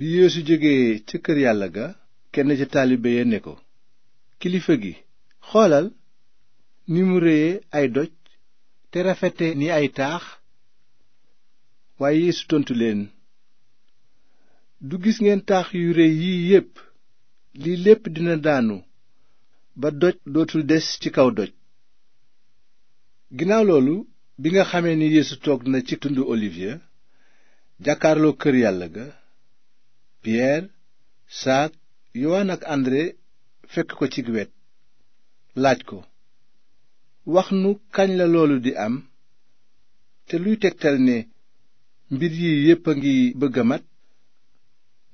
bi yeesu jógee ca kër yàlla ga kenn ca taalibe ya ne ko kilifa gi xoolal ni mu réye ay doj te rafete ni ay taax waaye yeesu tontu leen du gis ngeen taax yu réy yii yépp lii lépp dina daanu ba doj dootul des ci kaw doj ginnaaw loolu bi nga xamee ni yeesu toog na ci tundu olivier jàkkaarloo kër yàlla ga piyeer saak yowaan ak andre fekk ko ci wet laaj ko wax nu kañ la loolu di am te luy tegtal ne mbir yi yépp a ngi bëgg a mat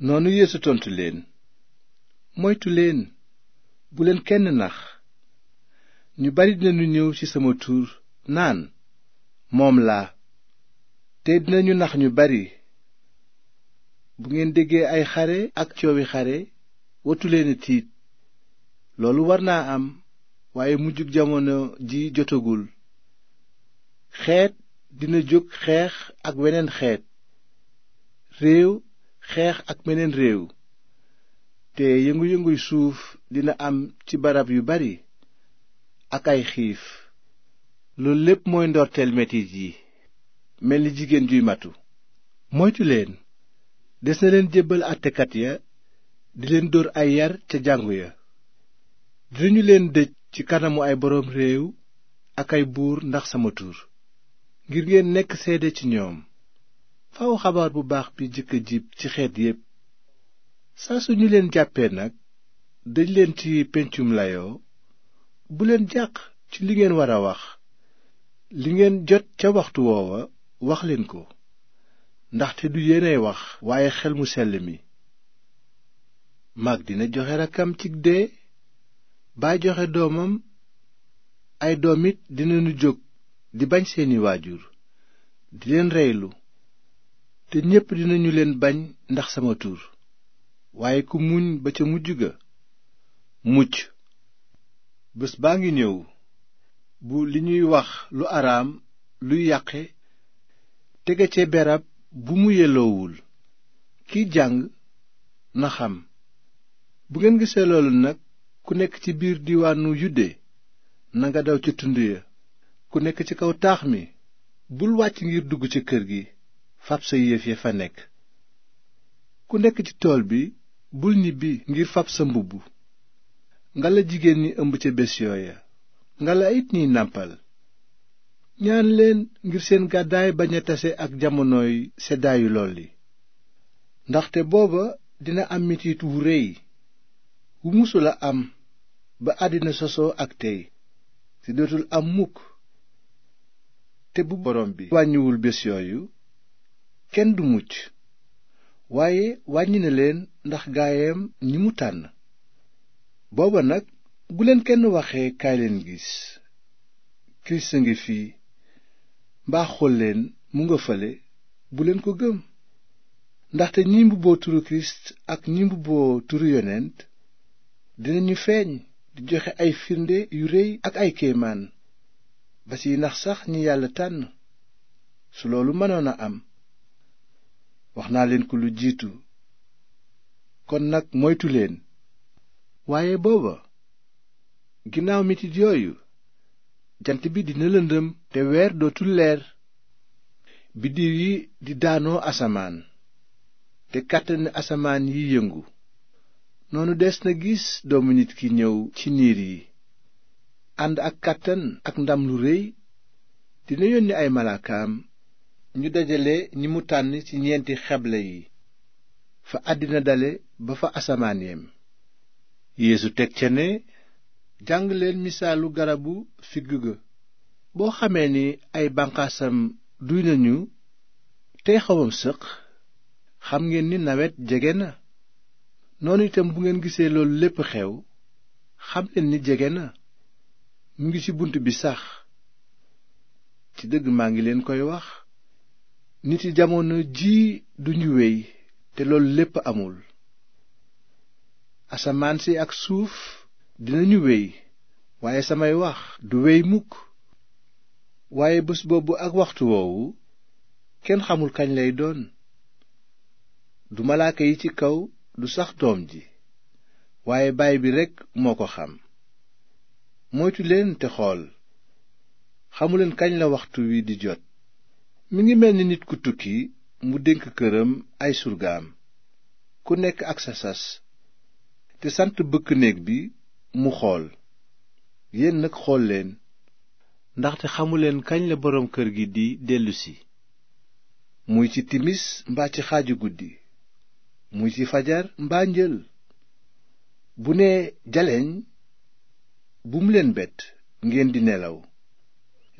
noonu yeesu tontu leen moytu leen bu leen kenn nax ñu bari dinañu ñëw ci sama tur naan moom laa te dinañu nax ñu bari bu ngeen déggee ay xare ak coowi xare wattuleena tiit loolu war naa am waaye mujjug jamono ji jotagul xeet dina jóg xeex ak weneen xeet réew xeex ak meneen réew te yëngu-yënguy suuf dina am ci barab yu bari ak ay xiif loolu lépp mooy ndorteel metit yi mel ni jigéen juy matu moytu des na leen jébbal àttekat ya di leen dóor ay yar ca jàngu ya dinañu leen dëj ci kanamu ay boroom réew ak ay buur ndax sama tur ngir ngeen nekk seede ci ñoom faw xabaar bu baax bi jëkk a jib ci xeet yépp saa su ñu leen jàppee nag dañ leen ci péncum layoo bu leen jàq ci li ngeen war a wax li ngeen jot ca waxtu woowa wax leen ko ndaxte du yéenay wax waaye xel mu sell mi mag dina joxe rakkam cig dee baay joxe doomam ay doom it dinañu jóg di bañ seeni waajur di leen reylu te ñépp dinañu leen bañ ndax sama tur waaye ku muñ ba ca mujj ga mucc bés baa ngi ñëw bu li ñuy wax lu araam luy yàqe tege ce berab bu mu yeloowul kiy jàng na xam bu ngeen gisee loolu nag ku nekk ci biir diwaanu yude nanga daw ci tund ya ku nekk ci kaw taax mi bul wàcc ngir dugg ci kër gi fab sa yëf ya fa nekk ku nekk ci tool bi bul ñibbi ngir fab sa mbubb nga la jigéen ñi ëmb ca bés ya nga la it ñiy nàmpal ñaan leen ngir seen gàddaay bañ a tase ak jamonoy seddaayu lool li ndaxte booba dina am metit wu rëy wu musula am ba àddina sosoo ak tey te dootul am mukk te bu borom bi wàññiwul bés yooyu kenn du mucc waaye wàññi na leen ndax gaayam ñi mu tànn booba nag gu leen kenn waxee kaay leen gis kirist a ngi fii mbaa leen mu nga fale bu leen ko gëm ndaxte ñi mbubboo turu kirist ak ñi mbubboo turu yonent dinañu feeñ di joxe ay firnde yu rëy ak ay kéemaan ba ci nax sax ñi yàlla tànn su loolu mënoon a am wax naa leen ko lu jiitu kon nag moytu leen waaye booba ginnaaw mitit yooyu jant bi dina lëndëm te weer dootul leer biddiw yi di daanoo asamaan te kàttan asamaan yi yëngu noonu des na gis doomu nit ki ñëw ci niir yi ànd ak kàttan ak ndam lu réy dina yónni ay malaakaam ñu dajale ñi mu tànn ci ñeenti xeble yi fa àddina dale ba fa asamaan yem yéesu jàng leen misaalu garabu figg ga boo xamee ni ay banqaasam duy nañu tey xawam sëq xam ngeen ni nawet jege na noonu itam bu ngeen gisee loolu lépp xew xam leen ni jege na mu ngi ci bunt bi sax ci dëgg maa ngi leen koy wax nit yi jamono jii duñu wéy te loolu lépp amul asamaan si ak suuf dinañu wéy waaye samay wax du wéy mukk waaye bés boobu ak waxtu woowu kenn xamul kañ lay doon du malaaka yi ci kaw du sax doom ji waaye baay bi rekk moo ko xam moytu leen te xool xamuleen kañ la waxtu wi di jot mu ngi mel ni nit ku tukki mu dénk këram ay surgaam ku nekk ak sa sas te sant bëkk néeg bi mu xool yéen nag xool leen ndaxte xamuleen kañ la boroom kër gi di dellusi muy ci timis mbaa ci xaaju guddi muy ci fajar mbaa njël bu nee jaleñ bu mu leen bett ngeen di nelaw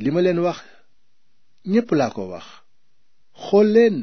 li ma leen wax ñépp laa ko wax xool leen